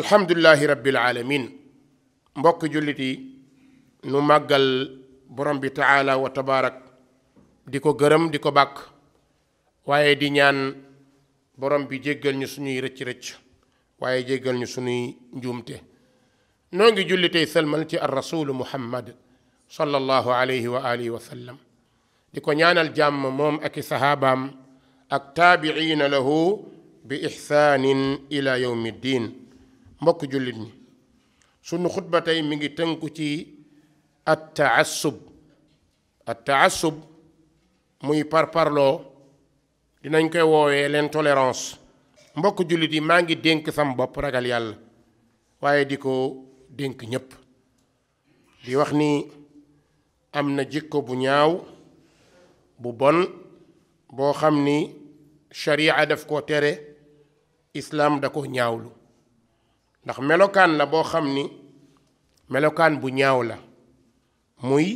alhamdulilahi rabbil alamin mbokk jullit yi nu màggal borom bi taala wa tabaarak di ko gërëm di ko bàkk waaye di ñaan borom bi jéggal ñu suñuy rëcc-rëcc waaye jéggal ñu suñuy njuumte noo ngi jullitey sëlmal ci ar rasulu muhammad sallallahu alayhi wa alihi wa sallam di ko ñaanal jàmm moom ak i sahaabaam ak taabiciina lahu bi ixsaanin ila yawmi ddin mbokk jullit mi sunu xutba tey mi ngi tënku ci at taassub at taassub muy parparloo dinañ koy woowee l'intolérance mbokk jullit yi maa ngi dénk sam bopp ragal yàlla waaye di ko dénk ñépp di wax ni am na jikko bu ñaaw bu bon boo xam ni sharia daf ko tere islaam da ko ñaawlu ndax melokaan la boo xam ni melokaan bu ñaaw la muy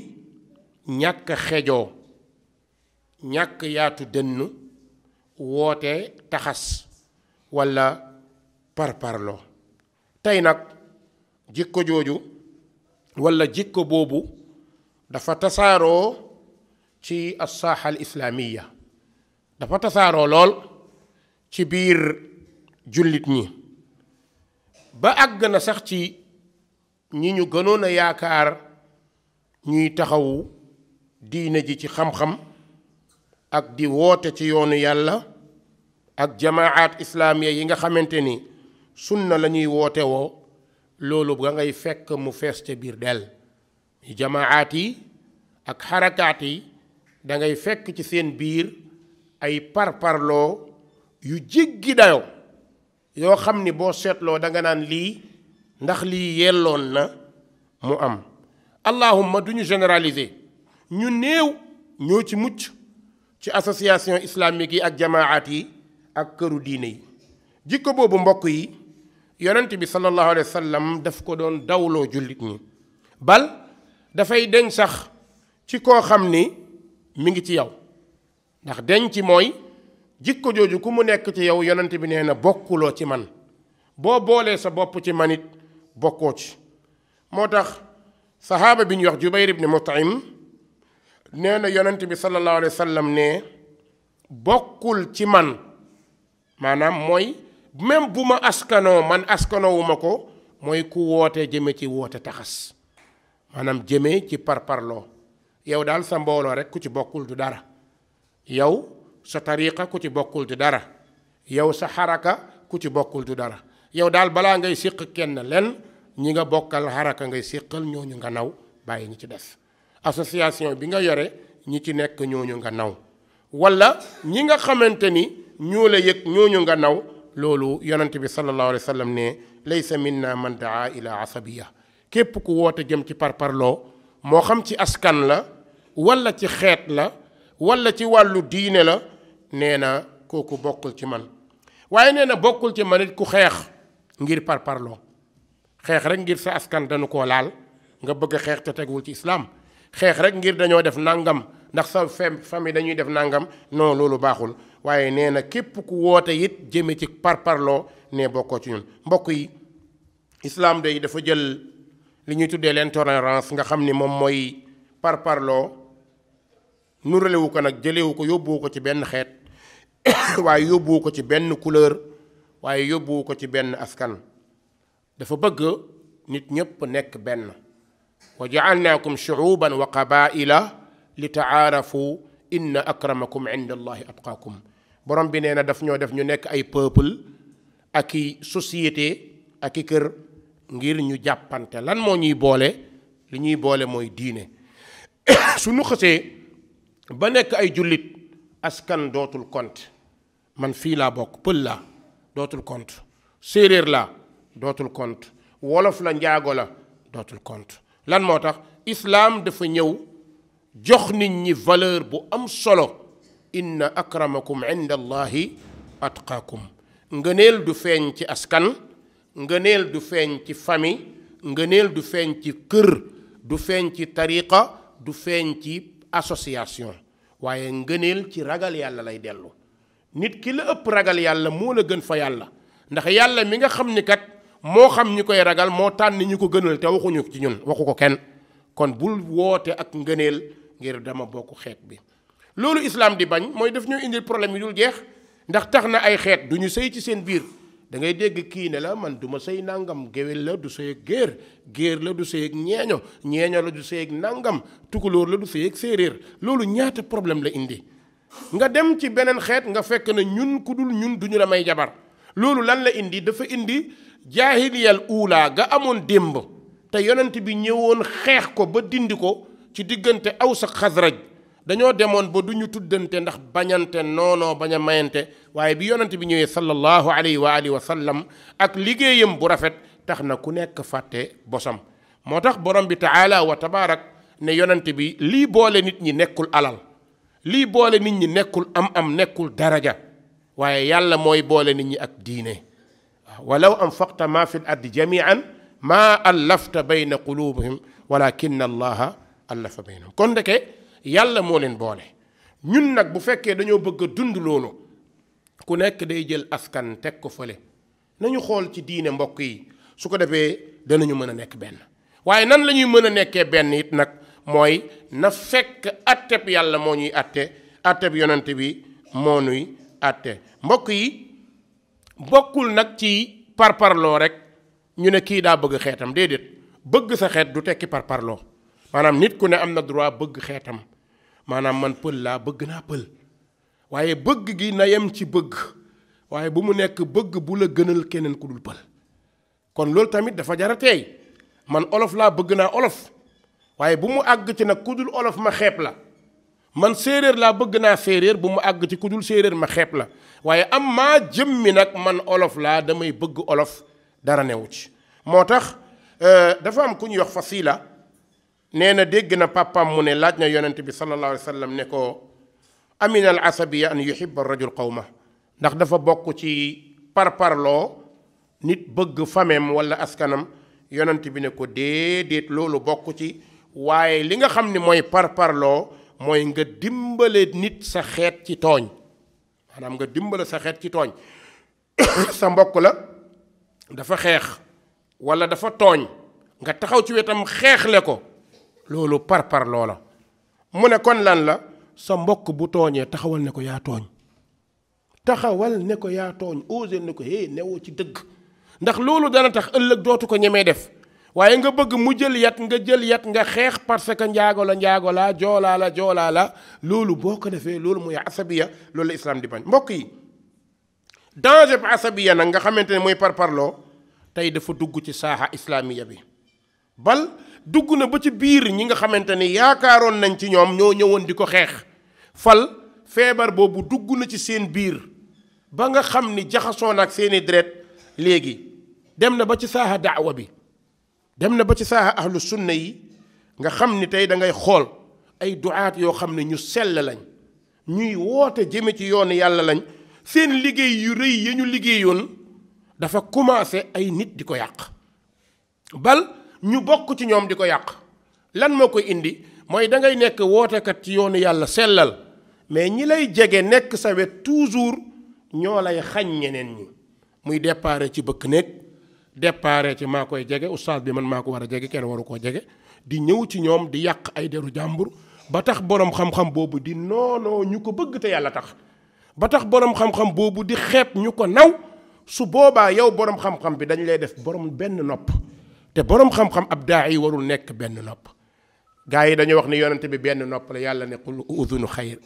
ñàkk xejoo ñàkk yaatu dënn woote taxas walla parparloo tey nag jikko jooju walla jikko boobu dafa tasaaroo ci asaaxa islaamiya dafa tasaaroo lool ci biir jullit ñi ba àgg na sax ci ñi ñu gënoon a yaakaar ñuy taxawu diine ji ci xam-xam ak di woote ci yoonu yàlla ak jamaat islaamiya yi nga xamante ni sunna la ñuy woote loolu ba ngay fekk mu fees ca biir dell jamaat yi ak xarakaat yi da ngay fekk ci seen biir ay parparloo yu jéggi dayoo yoo xam ni boo seetloo danga naan lii ndax lii yelloon na mu am allahumma du ñu généraliser ñu néew ñoo ci mucc ci association islamique yi ak jamaat yi ak këru diine yi jikko boobu mbokk yi yonent bi sallallahu alayhi wa sallam daf ko doon dawloo jullit ñi bal dafay deñ sax ci koo xam ni mu ngi ci yow ndax deñ ci mooy jikko jooju ku mu nekk ci yow yonent bi nee na bokkuloo ci man boo boolee sa bopp ci manit bokkoo ci moo tax saxaaba bi ñuy wax Jubayr ibn Mut'im nee na yonent bi sallallahu alayhi wa sallam ne bokkul ci man maanaam mooy même bu ma askanoo man askanoowuma ko mooy ku woote jëme ci woote taxas maanaam jëme ci par parparloo yow daal sa mbooloo rek ku ci bokkul du dara yow sa tariqa ku ci bokkul ci dara yow sa xaraka ku ci bokkul ci dara yow daal balaa ngay séq kenn lenn ñi nga bokkal xaraka ngay séqal ñooñu nga naw bàyyi ñi ci des association bi nga yore ñi ci nekk ñooñu nga naw walla ñi nga xamante ni ñoo la yëg ñooñu nga naw loolu yonent bi sallallahu alayhi wa sallam ne laysa minna man daa ila asabiya képp ku woote jëm ci par parloo moo xam ci askan la wala ci xeet la wala ci wàllu diine la nee na kooku bokkul ci man waaye nee na bokkul ci man it ku xeex ngir par parloo xeex rek ngir sa askan dañu ko laal nga bëgg a xeex te teguwul ci islaam xeex rek ngir dañoo def nangam ndax sa fem famille dañuy def nangam non loolu baaxul waaye nee na képp ku woote it jëme ci par parloo ne bokkoo ci ñun mbokk yi islaam day dafa jël li ñuy tuddee l'intolérance nga xam ni moom mooy parparloo nuralewu ko nag jëlewu ko yóbbuwu ko ci benn xeet waaye yóbbuwu ko ci benn couleur waaye yóbbuwu ko ci benn askan dafa bëgg nit ñépp nekk benn wa ja'alnaakum shu'uban wa qabaa'ila li ta'aarafu inna akramakum inda allahi atqaakum borom bi nee na daf ñoo def ñu nekk ay peuple ak i société ak i kër ngir ñu jàppante lan moo ñuy boole li ñuy boole mooy diine suñu xësee ba nekk ay jullit askan dootul kont man fii laa bokk pël laa dootul compte séeréer la dootul compte wolof la njaago la dootul compte lan moo tax islaam dafa ñëw jox nit ñi valeur bu am solo inna akramakum inda allahi atqaakum ngëneel du feeñ ci askan ngëneel du feeñ ci famille ngëneel du feeñ ci kër du feeñ ci tariqa du feeñ ci association waaye ngëneel ci ragal yàlla lay dellu nit ki la ëpp ragal yàlla moo la gën fa yàlla ndax yàlla mi nga xam ni kat moo xam ñi koy ragal moo tànn ñi ko gënal te waxuñu ci ñun waxu ko kenn kon bul woote ak ngëneel ngir dama bokk xeet bi loolu islaam di bañ mooy daf ñoo indil problème yi dul jeex ndax tax na ay xeet du ñu sëy ci seen biir da ngay dégg kii ne la man duma ma sëy nangam géwél la du sëy géer géer la du sëy ñeeño ñeeño la du sëy nangam tukulóor la du sëy séeréer loolu ñaata problème la indi nga dem ci beneen xeet nga fekk na ñun ku dul ñun duñu la may jabar loolu lan la indi dafa indi jaahiliyal uulaa nga amoon démb te yonent bi ñëwoon xeex ko ba dindi ko ci diggante aws ak xasraj dañoo demoon ba du ñu tuddante ndax bañante noonoo bañ a mayante waaye bi yonante bi ñëwee sallallahu alayhi wa alihi wa ak liggéeyam bu rafet tax na ku nekk fàtte bosam moo tax borom bi taala wa tabaarak ne yonante bi lii boole nit ñi nekkul alal lii boole nit ñi nekkul am-am nekkul daraja waaye yàlla mooy boole nit ñi ak diine walaw anfaqta ma fi l ardi jamian ma allafta bayna qulubihim walakin allaha allafa baynahum kon ndeke yàlla moo leen boole ñun nag bu fekkee dañoo bëgg a dund loolu ku nekk day jël askan teg ko fële nañu xool ci diine mbokk yi su ko defee danañu mën a nekk benn waaye nan la ñuy mën a nekkee benn it nag mooy na fekk atteb yàlla moo ñuy atte atteb yonent bi moo ñuy atte mbokk yi bokkul nag ci par parloo rek ñu ne kii daa bëgg xeetam déedéet bëgg sa xeet du tekki par parloo maanaam nit ku ne am na droit bëgg xeetam maanaam man pël laa bëgg naa pël waaye bëgg gi na yem ci bëgg waaye bu mu nekk bëgg bu la gënal keneen ku dul pël kon loolu tamit dafa jara teey man olof laa bëgg naa olof waaye bu mu àgg ci nag ku dul olof ma xeeb la man séeréer laa bëgg naa séeréer bu mu àgg ci ku dul séeréer ma xeeb la waaye am maa jëm mi nag man olof laa damay bëgg olof dara newu ci moo tax euh, dafa am ku ñuy wax fasila nee na dégg na pàppam mu ne laaj na yonent bi sallallahu alayhi wa sallam ne ko amin al asabiya an yuhibba rajul qawma ndax dafa bokk ci parparloo nit bëgg fameem wala askanam yonent bi ne ko déedéet loolu bokk ci waaye li nga xam ni mooy parparloo mooy nga dimbale nit sa xeet ci tooñ maanaam nga dimbale sa xeet ci tooñ sa mbokk la dafa xeex wala dafa tooñ nga taxaw ci wetam xeexle ko loolu par par loola mu ne kon lan la sa mbokk bu tooñee taxawal ne ko yaa tooñ taxawal ne ko yaa tooñ osé ne ko hé newoo ci dëgg ndax loolu dana tax ëllëg dootu ko ñemee def waaye nga bëgg mu jël yat nga jël yat nga xeex parce que njaago la njaago laa joolaa la joolaa la loolu boo ko defee loolu mooy asabiya loolu la islaam di bañ mbokk yi danger bi asabiya nag nga xamante ne mooy par parloo tey dafa dugg ci saaxa islaamiya bi bal dugg na ba ci biir ñi nga xamante ni yaakaaroon nañ ci ñoom ñoo ñëwoon di ko xeex fal feebar boobu dugg na ci seen biir ba nga xam ni jaxasoon ak seeni deret léegi dem na ba ci saaha daawa bi dem na ba ci saaha ahlu sunna yi nga xam ni tey da ngay xool ay duaat yoo xam ne ñu sell lañ ñuy woote jëme ci yoon yàlla lañ seen liggéey yu rëy ya ñu liggéeyoon dafa commencé ay nit di ko yàq bal ñu bokk ci ñoom di ko yàq lan moo ko indi mooy da ngay nekk wootekat ci yoonu yàlla sellal mais ñi lay jege nekk sa wet toujours ñoo lay xañ ñeneen ñi muy déparé ci bëkk néeg déparé ci maa koy jege oustaz bi man maa ko war a jege kenn waru koo jege di ñëw ci ñoom di yàq ay deru jàmbur ba tax borom xam-xam boobu di noonoo ñu ko bëgg te yàlla tax ba tax borom xam-xam boobu di xeeb ñu ko naw su boobaa yow borom xam-xam bi dañ lay def borom benn nopp te borom xam-xam ab daa yi warul nekk benn nopp gaa yi dañuy wax ne yonante bi benn nopp la yàlla ne qul udunu xayr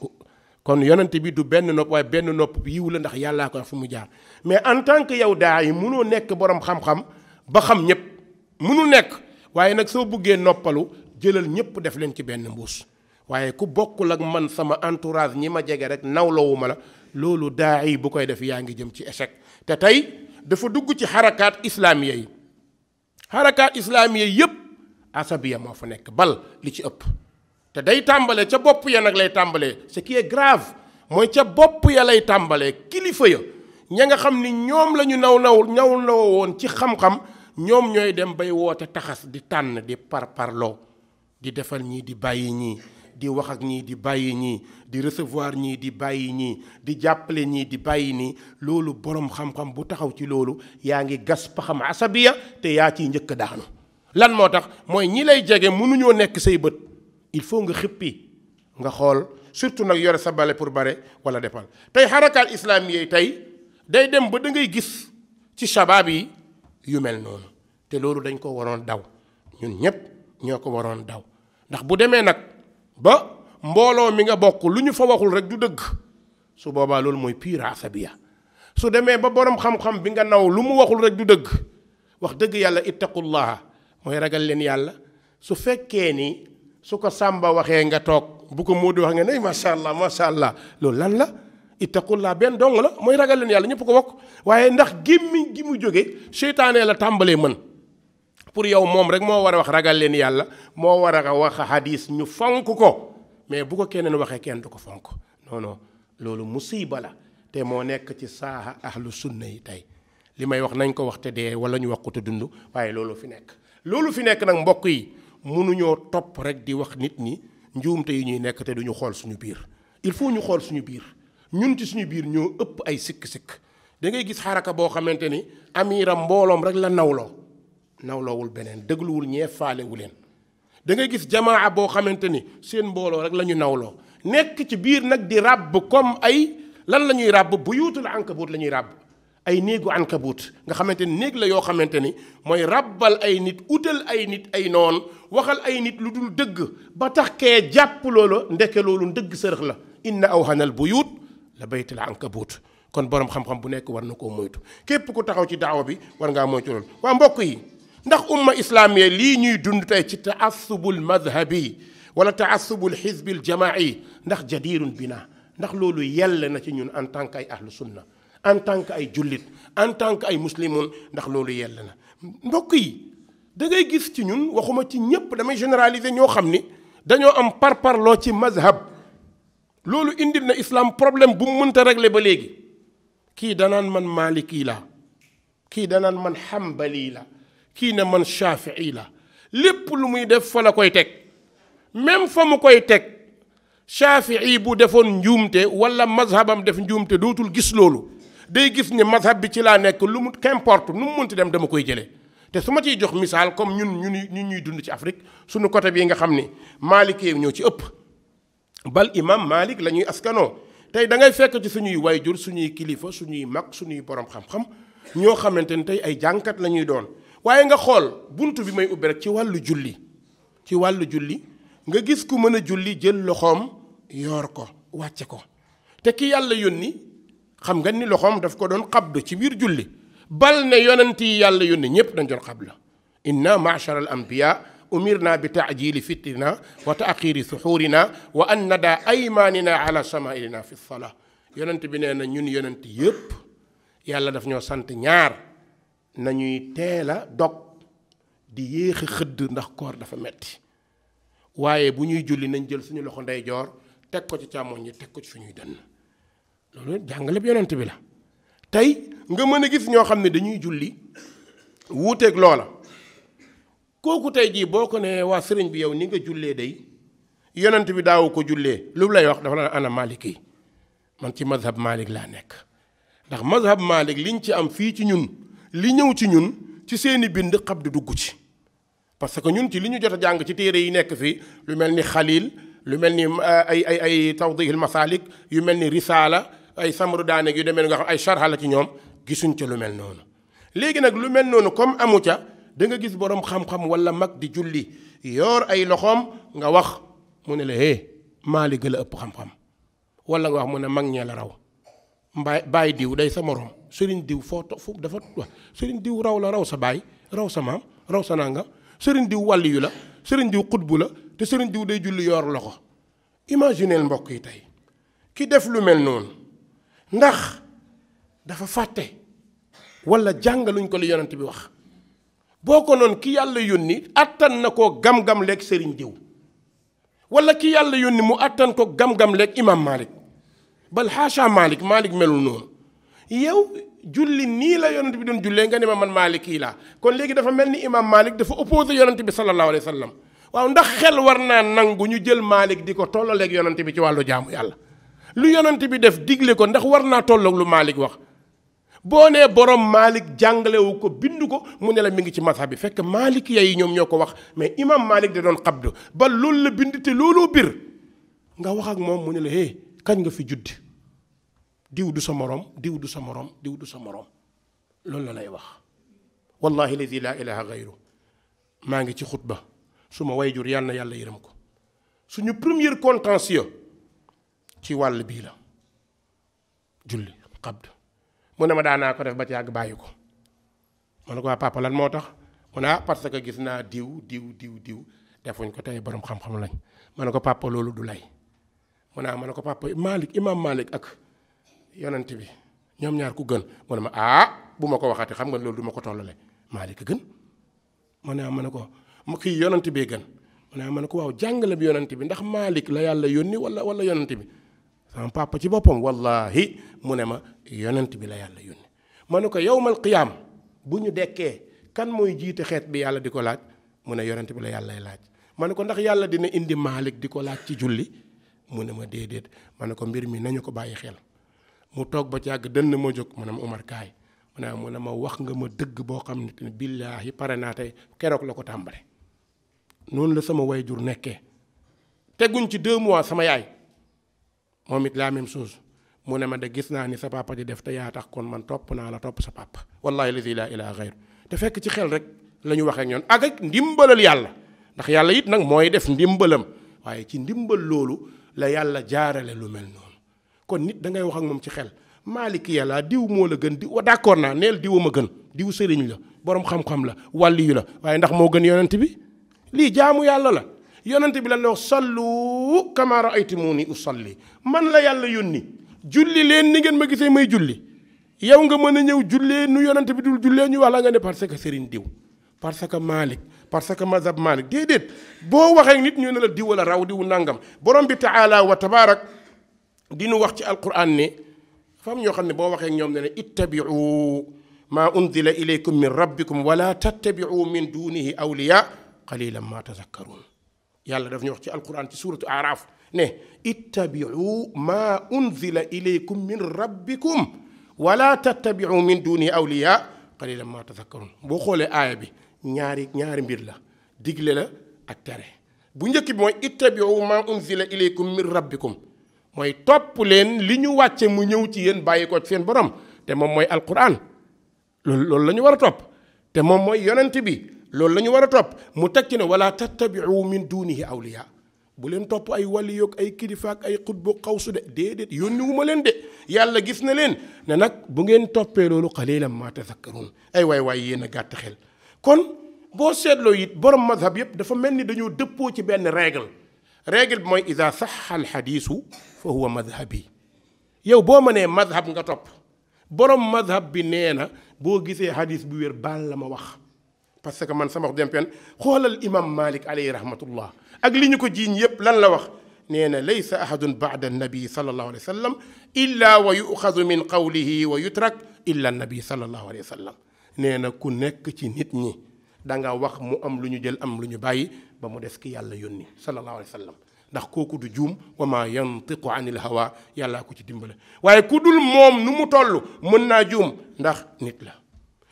kon yonante bi du benn nopp waaye benn nopp yiw la ndax yàllaa ko wax fu mu jaar mais en tant que yow daa yi munoo nekk borom xam-xam ba xam ñëpp munul nekk waaye nag soo buggee noppalu jëlal ñëpp def leen ci benn mbuus waaye ku bokkul ak man sama entourage ñi ma jege rek nawlawuma la loolu daa yi bu koy def yaa ngi jëm ci échec te tey dafa dugg ci xarakaat islaamiya yi xarakaat islaamiya yépp asabiya moo fa nekk bal li ci ëpp te day tàmbale ca bopp ya nag lay tàmbalee ce qui est grave mooy ca bopp ya lay tàmbalee kilifa ya ña nga xam ni ñoom la ñu naw naw naw naw woon ci xam-xam ñoom ñooy dem bay woote taxas di tànn di parparloo di defal ñii di bàyyi ñii di wax ak ñii di bàyyi ñii di recevoir ñii di bàyyi ñii di jàppale ñii di bàyyi nii loolu borom xam-xam bu taxaw ci loolu yaa ngi gas paxam asabiya te yaa ciy njëkk daanu lan moo tax mooy ñii lay jege mënuñoo nekk say bët il faut nga xippi nga xool surtout nag yore sa bale pour bare wala defal tey xarakaal islaam yi tey day dem ba da ngay gis ci shabaab yi yu mel noonu te loolu dañ ko waroon daw ñun ñëpp ñoo ko waroon daw ndax bu demee nag ba mbooloo mi nga bokk lu ñu fa waxul rek du dëgg su boobaa loolu mooy pure asabiya su demee ba borom xam-xam bi nga naw lu mu waxul rek du dëgg wax dëgg yàlla ittaqullaha mooy ragal leen yàlla su fekkee ni su ko sàmba waxee nga toog bu ko di wax nga ne macha allah macha allah loolu lan la ittaqullaha benn dong la mooy ragal leen yàlla ñëpp ko bokk waaye ndax gémmi gi mu jóge seytaanee la tàmbalee mën pour yow moom rek moo war a wax ragal leen yàlla moo war a wax hadis ñu fonk ko mais bu ko keneen waxee kenn du ko fonk non non loolu musiba la te moo nekk ci saaha lu sunna yi tey li may wax nañ ko wax te dee wala ñu wax ko te dund waaye loolu fi nekk. loolu fi nekk nag mbokk yi mënuñoo topp rek di wax nit ñi njuumte yi ñuy nekk te ñu xool suñu biir il faut ñu xool suñu biir ñun ci suñu biir ñoo ëpp ay sikk-sikk da ngay gis xaraka boo xamante ni amiram mbooloom rek la nawloo. nawloowul beneen dégluwul ñee faalewu leen da ngay gis jamaa boo xamante ni seen mbooloo rek la ñu nawloo nekk ci biir nag di ràbb comme ay lan la ñuy ràbb bu yuutul ankabuut la ñuy ràbb ay néegu ankabuut nga xamante ni néeg la yoo xamante ni mooy ràbbal ay nit utal ay nit ay noon waxal ay nit lu dul dëgg ba tax kee jàpp loola ndeke loolu ndëgg sërëx la inna bu yuut la baytul ankabuut kon borom xam-xam bu nekk war na koo moytu képp ku taxaw ci daawa bi war ngaa moytu loolu mbokk yi ndax umma islaamiya lii ñuy dund tey ci taasubul madhabi wala taasubul xizbil jamaai ndax jadirun bina ndax loolu yell na ci ñun en tant que ay ahlu sunna en tant que ay jullit en tant que ay muslimun ndax loolu yell na mbokk yi da ngay gis ci ñun waxuma ci ñépp damay généraliser ñoo xam ni dañoo am par parparloo ci mazhab loolu indil na islam problème bu mu mënta ragle ba léegi kii danaan man maliki la kii danaan man xambali la kii ne man shafii la lépp lu muy def fa la koy teg même fa mu koy teg shafii bu defoon njuumte wala mazhabam def njuumte dootul gis loolu day gis ne mazhab bi ci laa nekk lu mu qu'importe nu mu munti dem dama koy jëlee te su ma ciy jox misaal comme ñun ñun ñun ñuy dund ci Afrique suñu côté bii nga xam ni maalikee ñoo ci ëpp bal imam Malik la ñuy askanoo tey da ngay fekk ci suñuy wayjur suñuy kilifa suñuy mag suñuy borom xam-xam ñoo xamante ne tey ay jànkat la ñuy doon waaye nga xool bunt bi may ubbi rek ci wàllu julli ci wàllu julli nga gis ku mën a julli jël loxoom yoor ko wàcce ko te ki yàlla yónni xam nga ni loxoom daf ko doon xabdu ci biir julli bal ne yonent yi yàlla yónni ñépp dañ doon xabla inna maachara al ambiya umirna bi taajili fitrina wa taaxiri suxuurina wa an nada aymaanina ala samailina fi lsalaa yonent bi nee na ñun yonent yépp yàlla daf ñoo sant ñaar nañuy teel a dog di yéex xëdd ndax koor dafa metti waaye bu ñuy julli nañ jël suñu loxo ndeyjoor teg ko ci càmmoñ ñi teg ko ci suñuy dënn loolu jàngale bi yonent bi la tey nga mën a gis ñoo xam ne dañuy julli wuuteeg loola kooku tey jii boo ko nee waa sëriñ bi yow ni nga jullee day yonent bi daawu ko jullee lu lay wax dafa la ana Malik yi man ci mazhab Malik laa nekk ndax mazhab Malik liñ ci am fii ci ñun li ñëw ci ñun ci seeni bind xab di dugg ci parce que ñun ci li ñu jot a jàng ci téere yi nekk fii lu mel ni xalil lu mel ni euh, ay ay ay tawdihil masalik yu mel ni risaala ay samru daane yu demee nga xam ay charha ci ñoom gisuñ ca lu mel noonu léegi nag lu mel noonu comme amu ca danga gis borom xam-xam wala mag di julli yoor ay loxoom nga wax mu ne la hé maa li gën a ëpp xam-xam wala nga wax mu ne mag ñee la raw mbaay bàyyi diw day sa morom sëriñ diw foo to fu dafa wax sëriñ diw raw la raw sa baay raw sa maam raw sa nangam sëriñ diw wàlli yu la sëriñ diw xutbu la te sëriñ diw day julli yor loxo imagineel mbokk yi tey ki def lu mel noonu ndax dafa fàtte walla jàngaluñ ko li yonent bi wax boo ko noon ki yàlla yónni attan na koo gam-gam leeg sëriñ diw walla ki yàlla yónni mu attan ko gam-gam leeg imam malik bal xaasha malik malik melul noonu yow julli nii la yonent bi doon jullee nga ne ma man maalik yi laa kon léegi dafa mel ni imaam maalik dafa opposé yonent bi sallallahu alayhi wa waaw ndax xel war naa nangu ñu jël maalik di ko tollaleeg yonent bi ci wàllu jaamu yàlla lu yonant bi def digle ko ndax war naa tolloog lu maalik wax boo nee borom maalik jàngalewu ko bind ko mu ne la mi ngi ci mazhab bi fekk maalik yayi ñoom ñoo ko wax mais imaam maalik da doon xabdu ba loolu la bind te looloo bir nga wax ak moom mu ne la hé nga fi juddi diw du sa moroom diw du sa moroom diw du sa moroom loolu la lay wax wallahi ladi laa ilaha gayru maa ngi ci xutba su ma way jur yàlla na yàlla yërëm ko suñu premier contentieux ci wàll bii la julli xabd mu ne ma daanaa ko def ba ci àgg bàyyi ko ma ne ko waa ah, papa lan moo tax mu ne ah parce que gis naa diw diw diw diw defuñ ko tey borom xam-xam lañ ma ne ko papa loolu du lay mu ne ah ma ne ko papa Malik imam Malik ak yonent bi ñoom ñaar ku gën mu ne ma ah bu ma ko waxaatee xam nga loolu du ma ko tollale Maalik gën ma ne ma ne ko kii yonent bee gën ma ne ma ne ko waaw jàngale bi yonent bi ndax Maalik la yàlla yónni wala wala yonent bi sama ci boppam wallahi mu ne ma yonent bi la yàlla yónni ma ne ko yowmal qiyaam bu ñu dekkee kan mooy jiite xeet bi yàlla di ko laaj mu ne yonent bi la yàllay laaj ma ne ko ndax yàlla dina indi Maalik di ko laaj ci julli mu ne ma déedéet ma ne ko mbir mi nañu ko bàyyi xel mu toog ba ci yàgg dënn ma jóg ma ne ma Umar kaay ma ne mu ne ma wax nga ma dëgg boo xam ne te billaahi pare naa tey keroog la ko tàmbale noonu la sama way jur nekkee teguñ ci deux mois sama yaay moom it la même chose mu ne ma de gis naa ni sa papa di def te yaa tax kon man topp naa la topp sa papa wallahi lazi laa ilaa xayru te fekk ci xel rek la ñu waxee ak ñoom ak ak ndimbalal yàlla ndax yàlla it nag mooy def ndimbalam waaye ci ndimbal loolu la yàlla jaarale lu mel kon nit da ngay wax ak moom ci xel maalik yàlla diw moo la gën diw d'accord naa neel diw ma gën diw sëriñ la borom xam-xam la wàlli yu la waaye ndax moo gën yonent bi lii jaamu yàlla la yonent bi lan la wax sallu kama raaytumuni usalli man la yàlla yónni julli leen ni ngeen ma gisee may julli yow nga mën a ñëw jullee nu yonent bi dul jullee ñu wax la nga ne parce que sëriñ diw parce que maalik parce que mazhab maalik déedéet boo waxee nit ñu ne la diw raw diw nangam borom bi taala wa tabaarak di nu wax ci alquran ne dafa am ñoo xam ne boo waxee ñoom ne ne ittabiu maa unzila ilaykum min rabbikum wala tattabiu min dunihi awliya qalilan ma tazakkarun yàlla daf ñu wax ci alquran ci suuratu araaf ne ittabiu maa unzila ilaykum min rabbikum wala tattabiu min dunihi awliya qalilan ma tazakkarun boo xoolee aaya bi ñaari ñaari mbir la digle la ak tere bu njëkk bi mooy ittabiu maa unzila ilaykum min rabbikum mooy topp leen li ñu wàcce mu ñëw ci yéen bàyyi ko ci seen borom te moom mooy alquran loolu loolu la ñu war a topp te moom mooy yonent bi loolu la ñu war a topp mu takki ci ne wala tattabiu min dunihi awliya bu leen topp ay waliyoog ay kilifaak ay xutbu xawsu de déedéet yónniwuma leen de yàlla gis na leen ne nag bu ngeen toppee loolu qalilan ma tazakkarun ay waay waay yéen a gàtt xel kon boo seetloo it borom mazhab yëpp dafa mel ni dañoo dëppoo ci benn règle règle bi mooy ida saxa alxadiisu fa huwa madhabi yow boo ma nee madhab nga topp borom madhab bi nee na boo gisee xadiis bu wér baal la ma wax parce que man sama wax dem pen xoolal imam malik alayhi rahmatullah ak li ñu ko jiiñ yépp lan la wax nee na laysa ahadun baada annabi sallallahu alayhi wa sallam illa wa yuxadu min qawlihi wa yutrak illa annabi sallallahu alayhi wa sallam nee na ku nekk ci nit ñi danga wax mu am lu ñu jël am lu ñu bàyyi ba mu des ki yàlla yónni sallallahu alayhi wa sallam ndax kooku du juum wa maa yantiqu anil hawa yàllaa ko ci dimbale waaye ku dul moom nu mu toll mën naa juum ndax nit la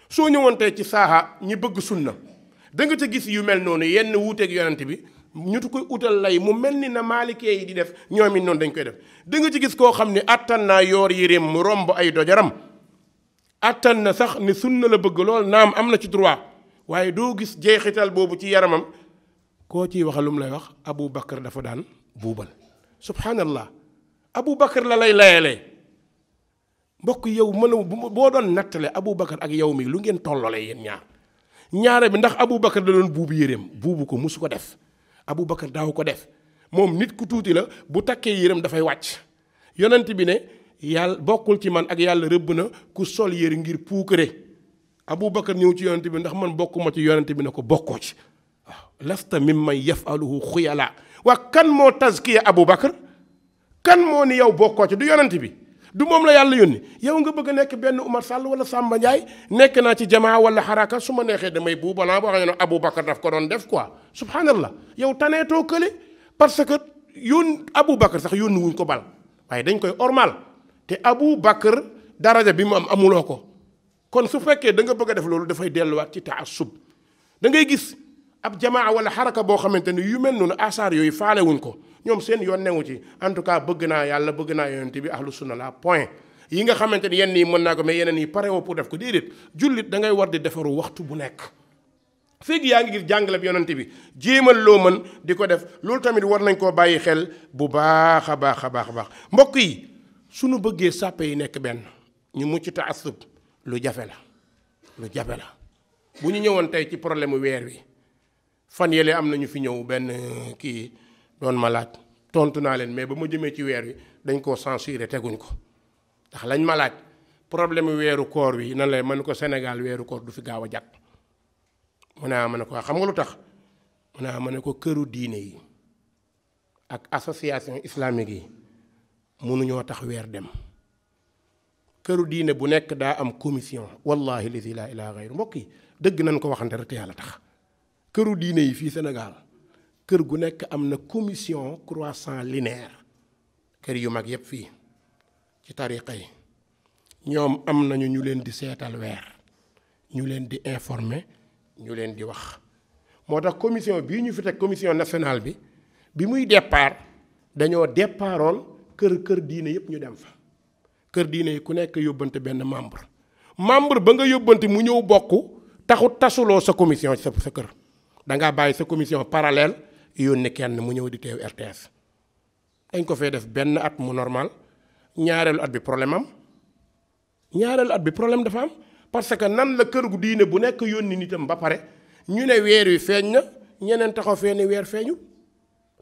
soo ñëwantee ci saaha ñi bëgg sunna da nga ca gis yu mel noonu yenn wuuteeg yonent bi ñu ñutu koy utal lay mu mel ni na maalikee yi di def ñoom it noonu dañ koy def da ci gis koo xam ne attan naa yoor yéreem mu romb ay dojaram attan na sax ni sunna la bëgg lool naam am na ci droit waaye doo gis jeexital boobu ci yaramam koo ciy waxalum lay wax Abu Bakar dafa daan buubal subhanallah Abu Bakar la lay layalee mbokk yow mën boo doon nattale Abu Bakar ak yow mii lu ngeen tollole yéen ñaar ñaare bi ndax Abu Bakar da doon buubu yéreem buubu ko musu ko def Abu Bakar daaw ko def moom nit ku tuuti la bu takkee yéreem dafay wàcc yonent bi ne yàlla bokkul ci man ak yàlla rëbb na ku sol yére ngir puukare Abu Bakar ñëw ci yonent bi ndax man bokkuma ci yonent bi ne ko bokkoo ci mi may mimman yafaluhu xuyala waa kan moo tazkiya Abu Bakar kan moo ni yow bokkoo ci du yonent bi du moom la yàlla yónni yow nga bëgg a nekk benn Umar Sall wala sàmba Ndiaye nekk naa ci jamaa wala xaraka su ma neexee damay buuba laa boo xam ne Abu Bakar daf ko doon def quoi subhanallah yow taneetoo kële parce que yoon Abu Bakar sax yónni ko bal waaye dañ koy ormal te Abu Bakar daraja bi mu am amuloo ko kon su fekkee da nga bëgg a def loolu dafay delluwaat ci taassub da ngay gis. ab jamaa wala xaraka boo xamante ni yu mel noonu asaar yooyu faale wuñ ko ñoom seen yoon newu ci en tout cas bëgg naa yàlla bëgg naa yonente bi lu sunna la point yi nga xamante ni yenn yi mën naa ko mais yeneen yi pare woo pour def ko déedéet jullit da ngay war di defaru waxtu bu nekk fekk yaa ngi ngir jàngale bi yonente bi jéemal loo mën di ko def loolu tamit war nañ koo bàyyi xel bu baax a baax a baax a baax mbokk yi suñu bëggee sàppe yi nekk benn ñu mucc taasub lu jafe la jafe la bu ñu ñëwoon tey ci problème weer wi fan yële am nañu fi ñëw benn euh, kii doon ma laaj tontu naa leen mais ba ma jëmee ci weer wi dañ koo censuré teguñ ko tax lañ ma laaj problème weeru koor wi na la mën ko senegal weeru koor du fi gaaw a jàpp mu ne ah ma ne ko ah, xam nga lu tax mu ne ah ma ne ko këru diine yi ak association islamique yi mënuñoo tax weer dem këru diine bu nekk daa am commission wallahi lazi laa ilaaha gayru mbokk yi dëgg nañ ko waxante rek te yàlla tax. këru diine yi fii Sénégal kër gu nekk am na commission croissant linéaire kër yu mag yëpp fii ci tariqa yi ñoom am nañu ñu leen di seetal weer ñu leen di informer ñu leen di wax moo tax commission bii ñu fi teg commission nationale bi bi muy départ dañoo départoon kër kër diine yëpp ñu dem fa kër diine yi ku nekk yóbbante benn membre membre ba nga yóbbante mu ñëw bokk taxut tasuloo sa commission sa sa kër da bàyyi sa commission parallèle yónni kenn mu ñëw di teew RTS dañ ko fee def benn at mu normal ñaareelu at bi problème am ñaareelu at bi problème dafa am parce que nan la kër gu diine bu nekk yónni nitam ba pare ñu ne weer wi feeñ na ñeneen taxaw fee ni weer feeñu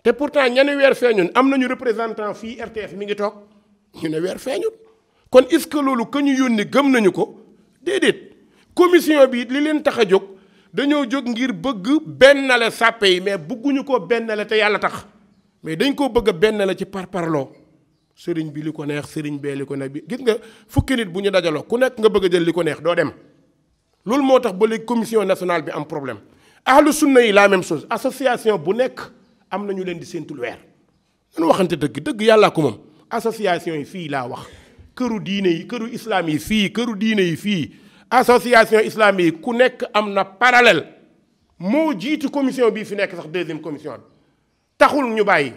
te pourtant ñeneen weer feeñun am nañu représentant fii RTS mi ngi toog ñu ne weer feeñut kon est-ce que loolu que ñu yónni gëm nañu ko déedéet commission bi li leen tax a jóg. dañoo jóg ngir bëgg benn la sàppe yi mais bëgguñu ko benn la te yàlla tax mais dañ koo bëgg a benn la ci parparloo sëriñ bi li ko neex sëriñ bee li ko neex bi gis nga fukki nit bu ñu dajaloo ku nekk nga bëgg jël li ko neex doo dem loolu moo tax ba léegi commission nationale bi am problème ahlu sunna yi la même sos association bu nekk am na ñu leen di séentul weer dañu waxante dëgg dëgg yàllaa ko moom association yi fii laa wax këru diine yi këru islam yi fii këru diine yi fii association islamique ku nekk am na parallèle moo jiitu commission bii fi nekk sax deuxième commission bi taxul ñu bàyyi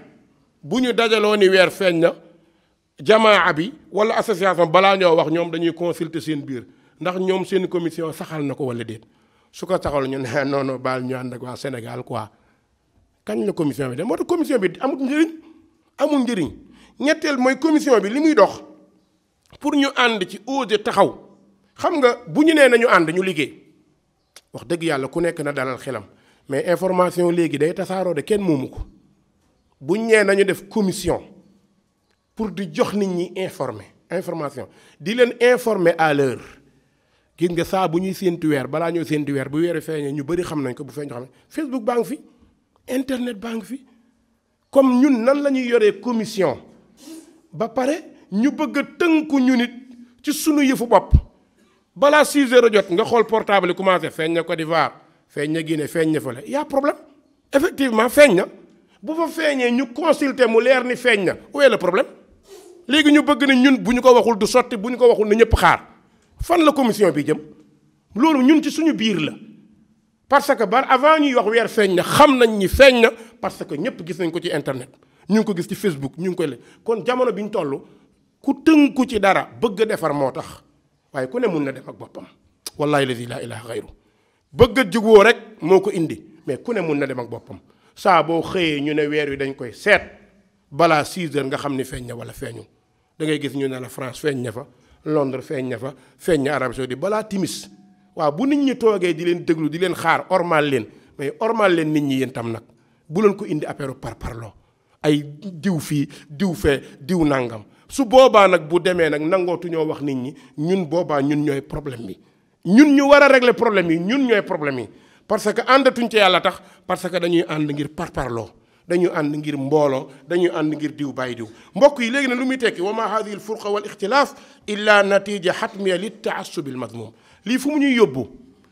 bu ñu dajaloo ni weer feeñ na jamaa bi wala association balaa ñoo wax ñoom dañuy consulter seen biir ndax ñoom seen commission saxal na ko wala déet su ko saxal ñu ne non non baal ñu ànd ak waa Sénégal quoi kañ la commission bi de moo commission bi amul njëriñ amul njëriñ ñetteel mooy commission bi li muy dox pour ñu ànd ci ose taxaw. xam nga bu ñu nee nañu ànd ñu liggéey wax dëgg yàlla ku nekk na dalal xilam mais information léegi day tasaaroo de kenn moomu ko bu ñu nee nañu def commission pour di jox nit ñi informer information di leen informer à l'heure gis nga saa bu ñuy séentu weer balaa ñoo séentu weer bu weeri feeñee ñu bëri xam nañ ko bu feeñ xam ne Facebook baa ngi fi internet baa fi comme ñun nan la ñuy yoree commission ba pare ñu bëgg a tënku ñu it ci sunu yëfu bopp balaa 6 heures jot nga xool portable yi commencé feeñ na Côte d'Ivoire feeñ na Guinée feeñ na fële y a effectivement feeñ na bu fa feeñee ñu consulter mu leer ni feeñ na où problème léegi ñu bëgg ne ñun bu ñu ko waxul du sotti bu ñu ko waxul ne ñëpp xaar fan la commission bi jëm loolu ñun ci suñu biir la parce que ba avant ñuy wax weer feeñ na xam nañ ni feeñ na parce que ñëpp gis nañ ko ci internet ñu ngi ko gis ci Facebook ñu ngi koy le kon jamono bi ñu toll ku ku ci dara bëgg defar moo tax waaye ku ne mun na dem ak boppam wallahi ladi laa ilaha xayru bëgg a jugoo rek moo ko indi mais ku ne mun na dem ak boppam saaboo xëyee ñu ne weer wi dañ koy seet balaa 6 heures nga xam ni feeñ na wala feeñu da ngay gis ñu ne la France feeñ na fa Londres feeñ na fa feeñ na Arabie Saoudite balaa timis waaw bu nit ñi toogee di leen déglu di leen xaar ormal leen mais ormal leen nit ñi yéen tam nag bu leen ko indi apéro par parloo ay diw fii diw fee diw nangam su boobaa nag bu demee nag nangootuñoo wax nit ñi ñun boobaa ñun ñooy problème bi ñun ñu war a régler problème yi ñun ñooy problème yi parce que àndatuñ ci yàlla tax parce que dañuy ànd ngir parparloo dañuy ànd ngir mbooloo dañuy ànd ngir diw bàyyi diw mbokk yi léegi ne lu muy tekki wa ma hadihi alfurqa wal ixtilaaf illa natija xatmiya li taassubi almadmum lii fu mu ñuy yóbbu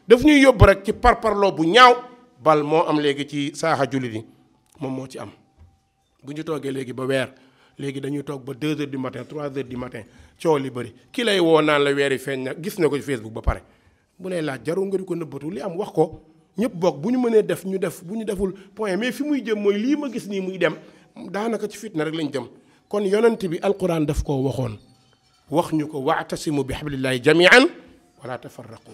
daf ñuy yóbbu rek ci parparloo bu ñaaw bal moo am léegi ci saaxa jullit yi moom moo ci am bu ñu toogee léegi ba weer léegi dañuy toog ba 2 heures di matin 3 heures du matin coow li bëri kilay lay woo naan la weeri feeñ na gis na ko Facebook ba pare bu lay laa jaru nga di ko nëbbatu li am wax ko ñëpp bokk bu ñu mënee def ñu def bu ñu deful point mais fi muy jëm mooy lii ma gis nii muy dem daanaka ci fitna rek lañu jëm kon yonent bi alquran daf koo waxoon wax ñu ko waatasimu bi hablillahi jamian wala tafarraqu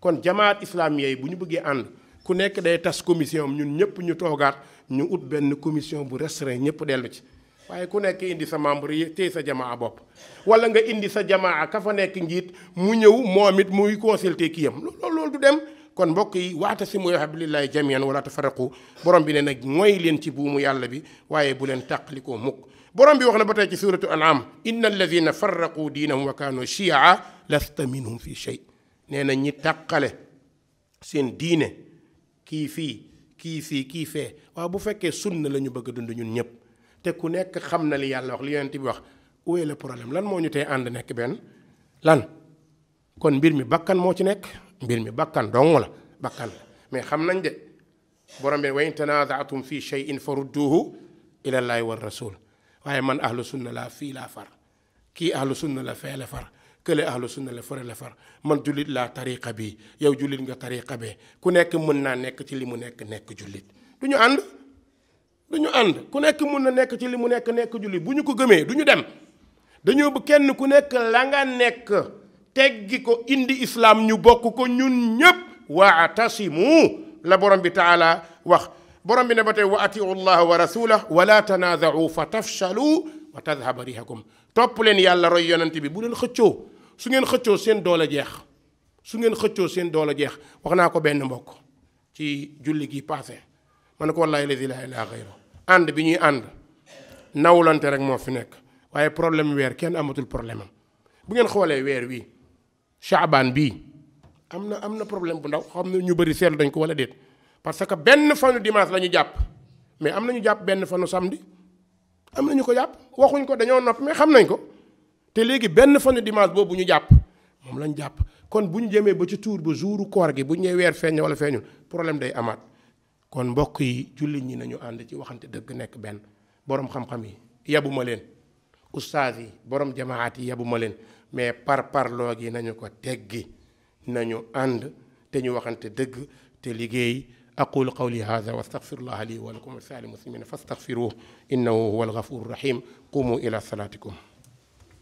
kon jamaat islamiya yi bu ñu bëggee ànd ku nekk day tas commission am ñun ñëpp ñu toogaat ñu ut benn commission bu restreint ñëpp dellu ci waaye ku nekk indi sa membre yi téye sa jamaa bopp wala nga indi sa jamaa ka fa nekk njiit mu ñëw moom it muy consulter kii yam loolu loolu du dem kon mbokk yi waata si mu yoo hablillahi jamian wala tafaraqu borom bi ne nag mooy leen ci buumu yàlla bi waaye bu leen tàqlikoo mukk borom bi wax na ba tey ci suratu an'am inna alladina farraqu diinahum wa kaanu chia lasta minhum fi shay nee na ñi taqale seen diine kii fii kii fii kii fee waaw bu fekkee sunna la ñu bëgg a dund ñun ñëpp te ku nekk xam na li yàlla wax li yonent bi wax où est problème lan moo ñu tey ànd nekk benn lan kon mbir mi bakkan moo ci nekk mbir mi bakkan dong la bakkan la mais xam nañ de borom bi wa in tanaza'tum fi shay'in farudduhu ila llahi war rasul waaye man ahlu sunna laa fii laa far kii ahlu sunna la fee la far kële ahlu sunna la fëre la far man jullit laa tariqa bi yow jullit nga tariqa bee ku nekk mën naa nekk ci li mu nekk nekk jullit du ñu ànd dañu ànd ku nekk mun na nekk ci li mu nekk nekk julli bu ñu ko gëmee du ñu dem dañoo bu kenn ku nekk la nga nekk teggi ko indi islaam ñu bokk ko ñun ñépp waatasimu la borom bi taala wax borom bi ne ba tey wa atiu llah wa rasulah wala tanaazau fa tafchalu wa tadhaba rihakum topp leen yàlla roy yonent bi bu leen xëccoo su ngeen xëccoo seen doole jeex su ngeen xëccoo seen doole jeex wax naa ko benn mbokk ci julli gi passé ma ne ko wallaahi lazi laa ilaaha ànd bi ñuy ànd nawlante rek moo fi nekk waaye problème weer kenn amatul problème am bu ngeen xoolee weer wii chaabaan bii am na am na problème bu ndaw xam ne ñu bëri seetlu dañ ko wala déet parce que benn fanu dimanche la ñu jàpp mais am nañu jàpp benn fanu samedi am nañu ko jàpp waxuñ ko dañoo nopp mais xam nañ ko te léegi benn fanu dimanche boobu ñu jàpp moom lañ jàpp kon bu ñu jëmee ba ci tour ba jouru koor gi bu ñu nee weer feeñ wala feeñul problème day amaat kon mbokk yi jullit ñi nañu ànd ci waxante dëgg nekk benn boroom xam-xam yi yabuma leen ustaas yi boroom jamaat yi yabuma leen mais par parloo gi nañu ko teggi nañu ànd te ñu waxante dëgg te liggéey aqulu qawli hada wa astaghfirullaha li wa lakum wa saali muslimina fastaghfiruhu innahu huwa alghafuru rahim qumu ila salatikum